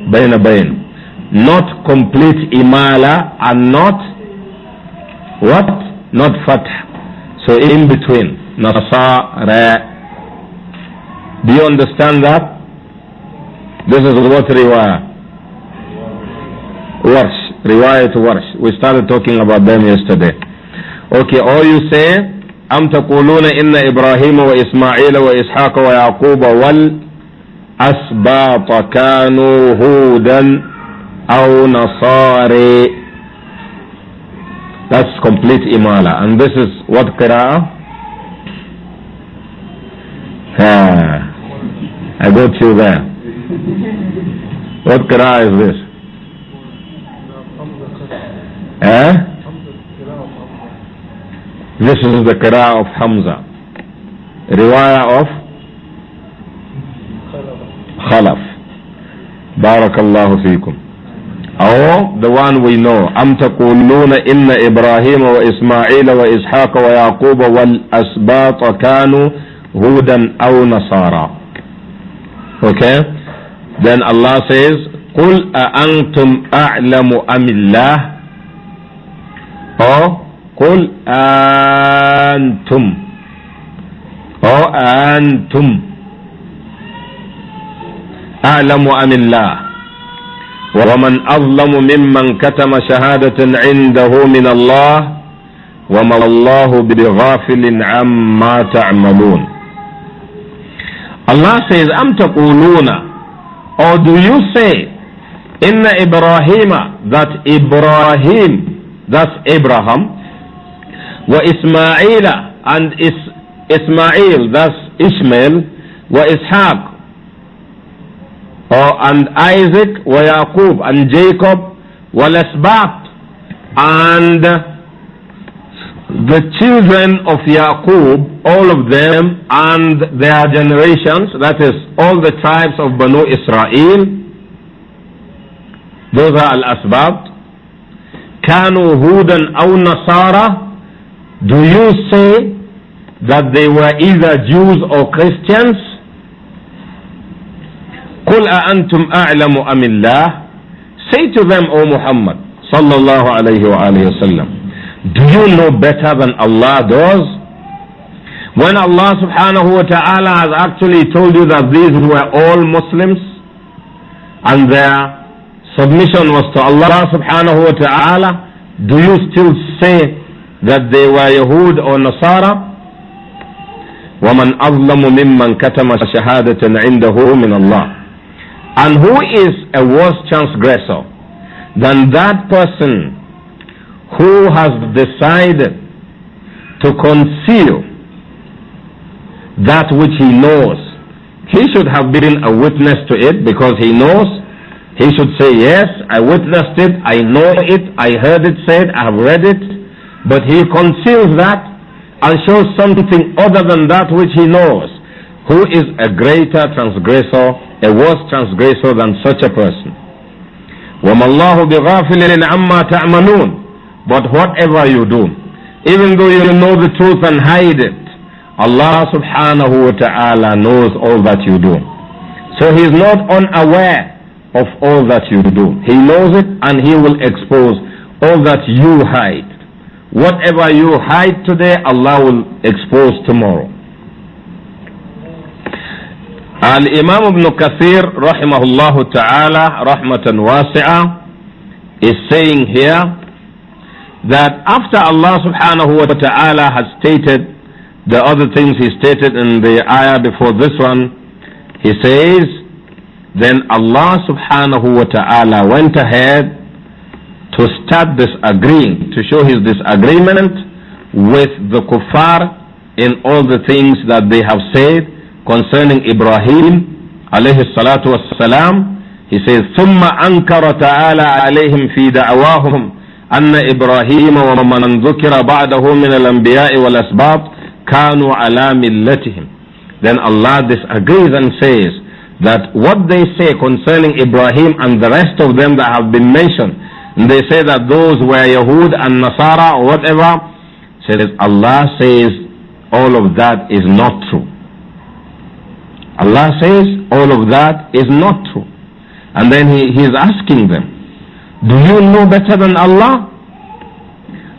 بين بين not complete imala and not what not fath so in between nasara do you understand that this is what riwayah worse riwayah to worse we started talking about them yesterday okay all you say am taquluna inna ibrahim wa isma'il wa ishaq wa yaqub wal asbata kanu hudan أو نصاري That's complete imala. And this is what qira'ah? Ah, I got you there. What qira'ah is this? Eh? This is the qira'ah of Hamza. Riwayah of Khalaf. بارك الله فيكم أو the one we know أم تقولون إن إبراهيم وإسماعيل وإسحاق ويعقوب والأسباط كانوا هودا أو نصارى okay then Allah says قل أأنتم أعلم أم الله أو قل أنتم أو أنتم أعلم أم الله ومن أظلم ممن كتم شهادة عنده من الله وما الله بغافل عما تعملون Allah says أم تقولون or do you say إن إبراهيم that إبراهيم that Abraham وإسماعيل and إسماعيل that Ishmael وإسحاق or oh, and Isaac wa Yaqub and Jacob wa and the children of Yaqub, all of them and their generations, that is all the tribes of Banu Israel, those are al-asbab. Kanu هودا أو نصارى Do you say that they were either Jews or Christians? قل أأنتم أعلم أم الله say to them O Muhammad صلى الله عليه وآله وسلم do you know better than Allah does when Allah subhanahu wa ta'ala has actually told you that these were all Muslims and their submission was to Allah subhanahu wa ta'ala do you still say that they were Yahud or Nasara ومن أظلم ممن كتم شهادة عنده من الله And who is a worse transgressor than that person who has decided to conceal that which he knows? He should have been a witness to it because he knows. He should say, Yes, I witnessed it, I know it, I heard it said, I have read it. But he conceals that and shows something other than that which he knows. Who is a greater transgressor a worse transgressor than such a person. But whatever you do, even though you know the truth and hide it, Allah subhanahu wa ta'ala knows all that you do. So He is not unaware of all that you do. He knows it and He will expose all that you hide. Whatever you hide today, Allah will expose tomorrow. Al Imam Ibn Kathir, rahimahullah ta'ala, rahmatan wasi'ah, is saying here that after Allah subhanahu wa ta'ala has stated the other things he stated in the ayah before this one, he says, then Allah subhanahu wa ta'ala went ahead to start disagreeing, to show his disagreement with the kuffar in all the things that they have said concerning Ibrahim alayhi salatu wassalam, he says, ثم أنكر تعالى عليهم في دعواهم أن إبراهيم ومن ذكر بعده من الأنبياء والأسباب كانوا على ملتهم. Then Allah disagrees and says that what they say concerning Ibrahim and the rest of them that have been mentioned, and they say that those were Yahud and Nasara or whatever, says Allah says all of that is not true. Allah says all of that is not true. And then he, he is asking them, do you know better than Allah?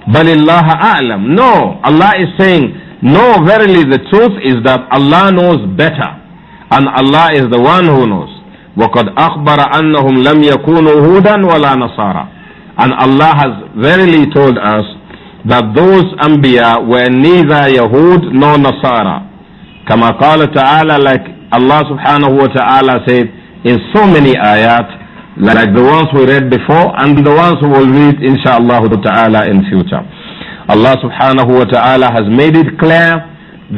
Balillaha a'lam. No, Allah is saying, no, verily the truth is that Allah knows better. And Allah is the one who knows. وَقَدْ أَخْبَرَ أَنَّهُمْ لَمْ يَكُونُوا هُودًا وَلَا نَصَارًا And Allah has verily told us that those Anbiya were neither Yahud nor Nasara. كما قال تعالى like Allah subhanahu wa ta'ala said in so many ayat, like the ones we read before and the ones we will read inshallah ta'ala in future. Allah subhanahu wa ta'ala has made it clear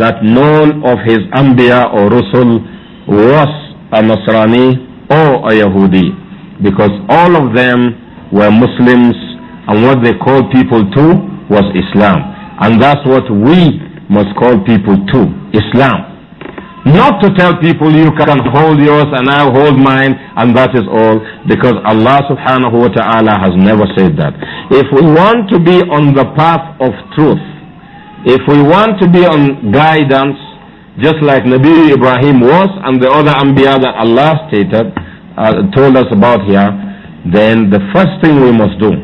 that none of his Anbiya or Rusul was a Nasrani or a Yahudi because all of them were Muslims and what they called people to was Islam. And that's what we must call people to, Islam. Not to tell people you can hold yours and I'll hold mine and that is all because Allah subhanahu wa ta'ala has never said that. If we want to be on the path of truth, if we want to be on guidance, just like Nabi Ibrahim was and the other Anbiya that Allah stated, uh, told us about here, then the first thing we must do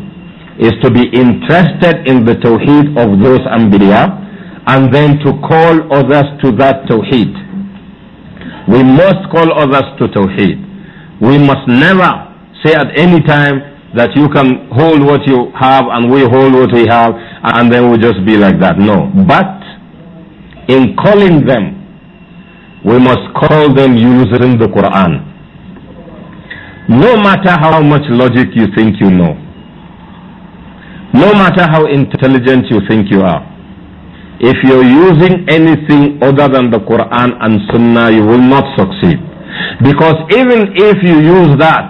is to be interested in the Tawheed of those Anbiya and then to call others to that tawheed. We must call others to Tawheed. We must never say at any time that you can hold what you have and we hold what we have and then we'll just be like that. No. But in calling them, we must call them using the Quran. No matter how much logic you think you know, no matter how intelligent you think you are, if you're using anything other than the Quran and Sunnah, you will not succeed. Because even if you use that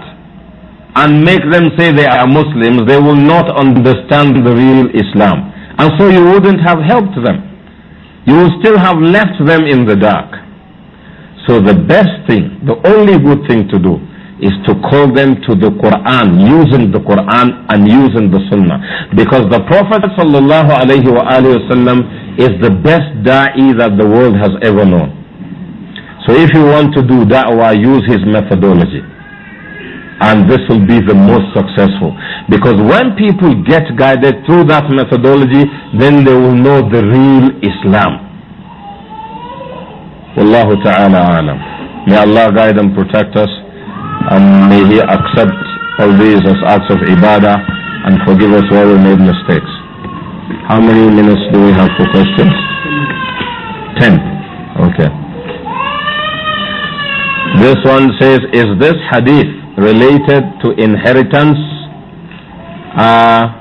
and make them say they are Muslims, they will not understand the real Islam. And so you wouldn't have helped them. You will still have left them in the dark. So the best thing, the only good thing to do, is to call them to the Quran, using the Quran and using the Sunnah. Because the Prophet sallallahu alaihi wasallam is the best da'i that the world has ever known. So if you want to do da'wah, use his methodology. And this will be the most successful. Because when people get guided through that methodology, then they will know the real Islam. Wallahu ta'ala alam. May Allah guide and protect us and may He accept all these as acts of ibadah and forgive us where we made mistakes. How many minutes do we have for questions? Ten. Okay. This one says, is this hadith related to inheritance? Uh,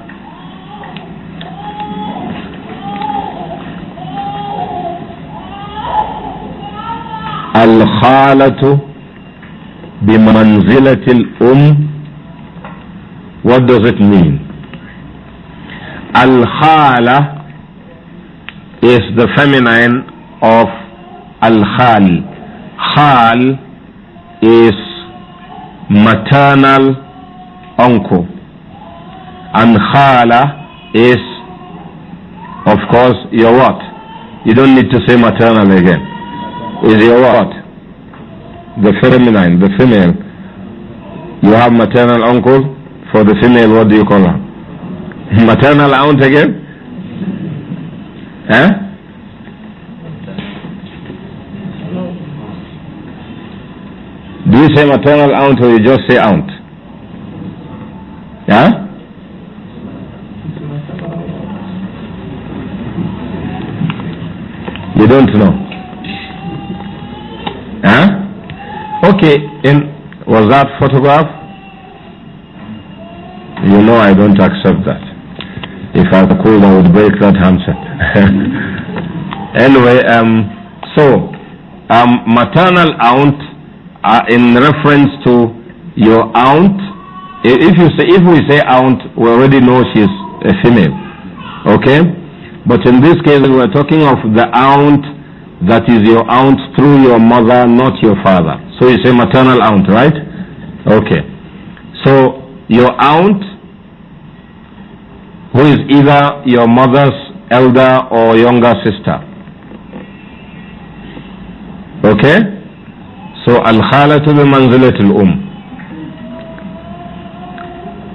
khalatu. What does it mean? Al-Khala is the feminine of Al-Khal. Khal is maternal uncle. And Khala is, of course, your what? You don't need to say maternal again. Is your what? the feminine, the female. You have maternal uncle. For the female, what do you call her? maternal aunt again? Huh? Do you say maternal aunt or you just say aunt? Yeah? You don't know. Okay, and was that photograph? You know I don't accept that. If I could, I would break that handset. anyway, um, so, um, maternal aunt, uh, in reference to your aunt, if you say, if we say aunt, we already know she's a female. Okay? But in this case, we're talking of the aunt that is your aunt through your mother, not your father. So you say maternal aunt, right? Okay. So your aunt, who is either your mother's elder or younger sister. Okay? So al-khalatu bi manzilatil um.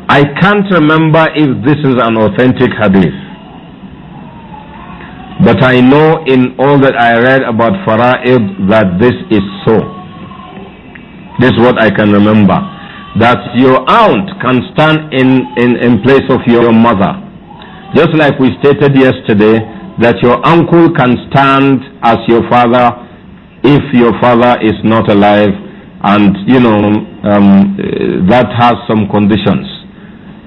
I can't remember if this is an authentic hadith. But I know in all that I read about Fara'id that this is so. This is what I can remember. That your aunt can stand in, in, in place of your mother. Just like we stated yesterday, that your uncle can stand as your father if your father is not alive and you know um, that has some conditions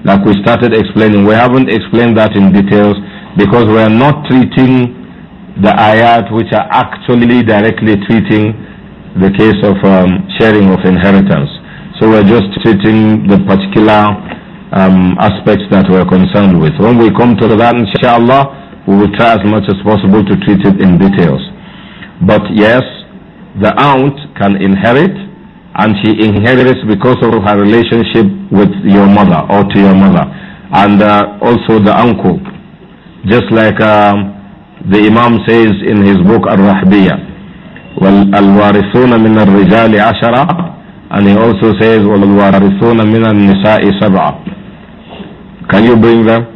like we started explaining we haven't explained that in details because we are not treating the ayat which are actually directly treating the case of um, sharing of inheritance. So we're just treating the particular um, aspects that we're concerned with. When we come to that, inshallah, we will try as much as possible to treat it in details. But yes, the aunt can inherit, and she inherits because of her relationship with your mother or to your mother, and uh, also the uncle Just like um, the Imam says in his book Al-Rahbiyah, وَالْوَارِثُونَ مِنَ الرِّجَالِ عَشَرَةً And he also says, وَالْوَارِثُونَ مِنَ النِّسَاءِ سَبْعَةً Can you bring them?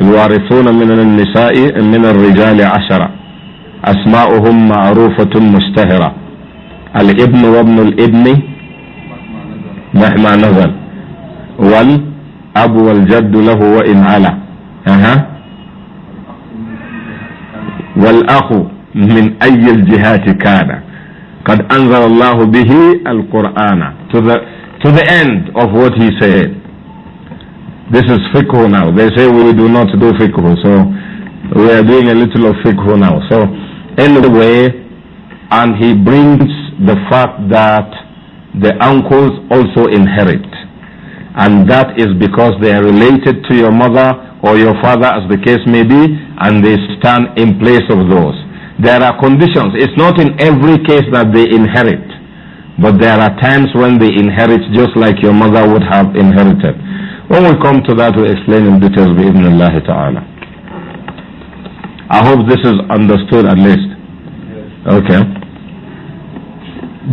الوارثون من النساء من الرجال عشرة أسماؤهم معروفة مشتهرة الابن وابن الابن مهما نزل والأب والجد له وإن علا أها والأخ من أي الجهات كان قد أنزل الله به القرآن to the, to the end of what he said this is fiqh now they say we do not do fiqh so we are doing a little of fiqh now so anyway and he brings the fact that the uncles also inherit and that is because they are related to your mother or your father as the case may be and they stand in place of those there are conditions it's not in every case that they inherit but there are times when they inherit just like your mother would have inherited when we come to that we'll explain in details bi'idhnillah ta'ala I hope this is understood at least okay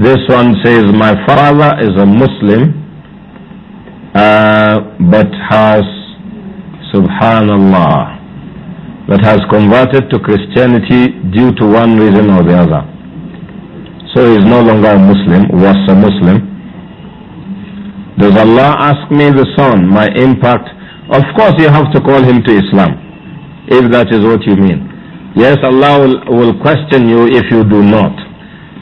this one says my father is a Muslim uh, but has, subhanallah, that has converted to Christianity due to one reason or the other. So he is no longer a Muslim, was a Muslim. Does Allah ask me the son, my impact? Of course you have to call him to Islam, if that is what you mean. Yes, Allah will, will question you if you do not.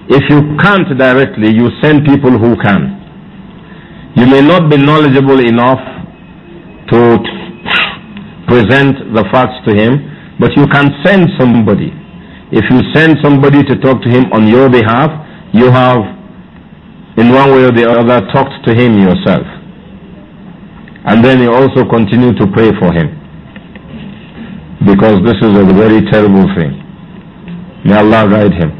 If you can't directly, you send people who can. You may not be knowledgeable enough to present the facts to him, but you can send somebody. If you send somebody to talk to him on your behalf, you have, in one way or the other, talked to him yourself. And then you also continue to pray for him. Because this is a very terrible thing. May Allah guide him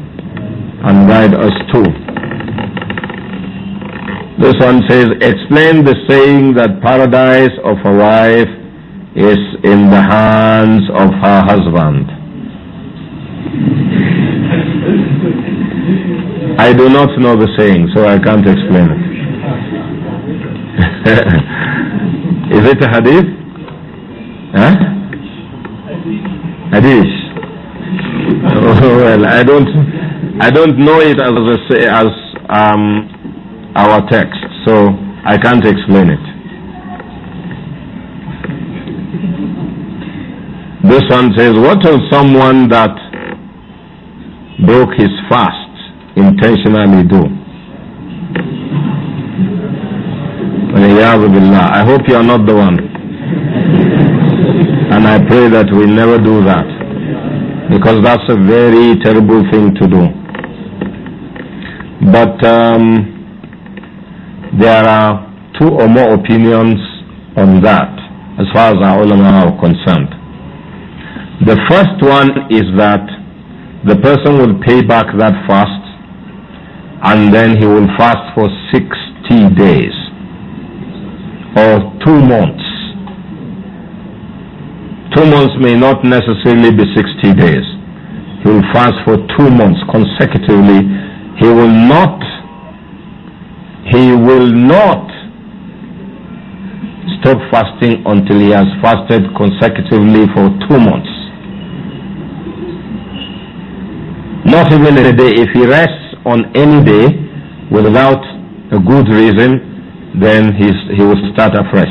and guide us too. This one says, explain the saying that paradise of a wife is in the hands of her husband. I do not know the saying, so I can't explain it. is it a hadith? Huh? Hadith. Oh, well, I don't, I don't know it as a, as um, our text, so I can't explain it. This one says, What of someone that broke his fast intentionally do? I hope you are not the one. And I pray that we never do that. Because that's a very terrible thing to do. But um, there are two or more opinions on that as far as our ulama are concerned. The first one is that the person will pay back that fast and then he will fast for 60 days or two months. Two months may not necessarily be 60 days. He will fast for two months consecutively. He will not he will not stop fasting until he has fasted consecutively for two months. Not even a day. If he rests on any day without a good reason, then he's, he will start afresh.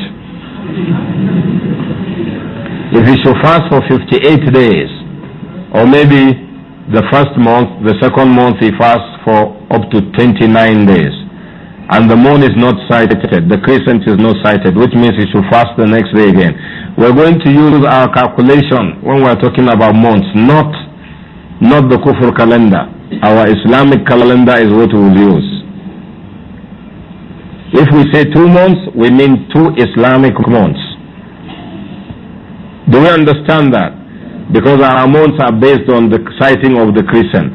If he should fast for 58 days, or maybe the first month, the second month he fasts for up to 29 days, and the moon is not sighted, the crescent is not sighted, which means you should fast the next day again. We're going to use our calculation when we're talking about months, not, not the Kufr calendar. Our Islamic calendar is what we will use. If we say two months, we mean two Islamic months. Do we understand that? Because our months are based on the sighting of the crescent.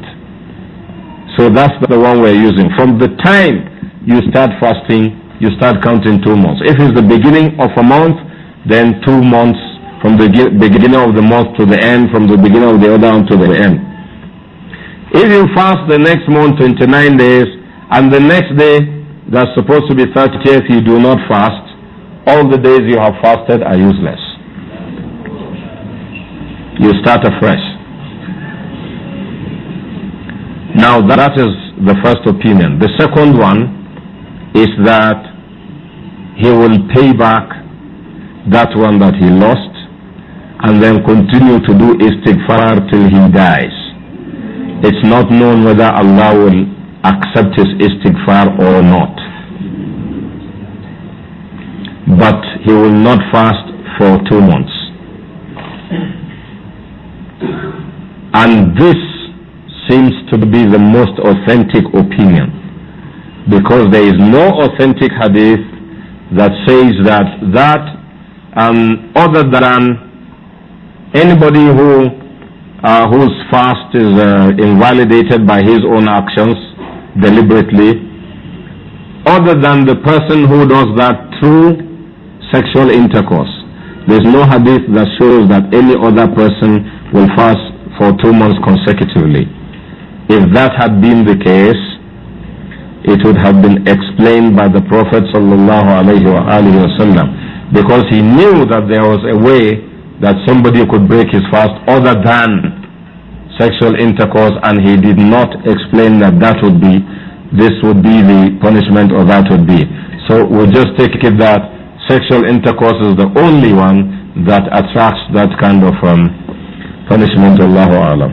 So that's the one we're using. From the time you start fasting, you start counting two months. If it's the beginning of a month, then two months from the beginning of the month to the end, from the beginning of the other month to the end. If you fast the next month 29 days, and the next day that's supposed to be 30th, you do not fast, all the days you have fasted are useless. You start afresh. Now that is the first opinion. The second one, is that he will pay back that one that he lost and then continue to do istighfar till he dies. It's not known whether Allah will accept his istighfar or not. But he will not fast for two months. And this seems to be the most authentic opinion because there is no authentic hadith that says that that um, other than anybody who uh, whose fast is uh, invalidated by his own actions deliberately other than the person who does that through sexual intercourse there's no hadith that shows that any other person will fast for two months consecutively if that had been the case it would have been explained by the Prophet because he knew that there was a way that somebody could break his fast other than sexual intercourse and he did not explain that that would be this would be the punishment or that would be so we'll just take it that sexual intercourse is the only one that attracts that kind of um, punishment Allahu Alam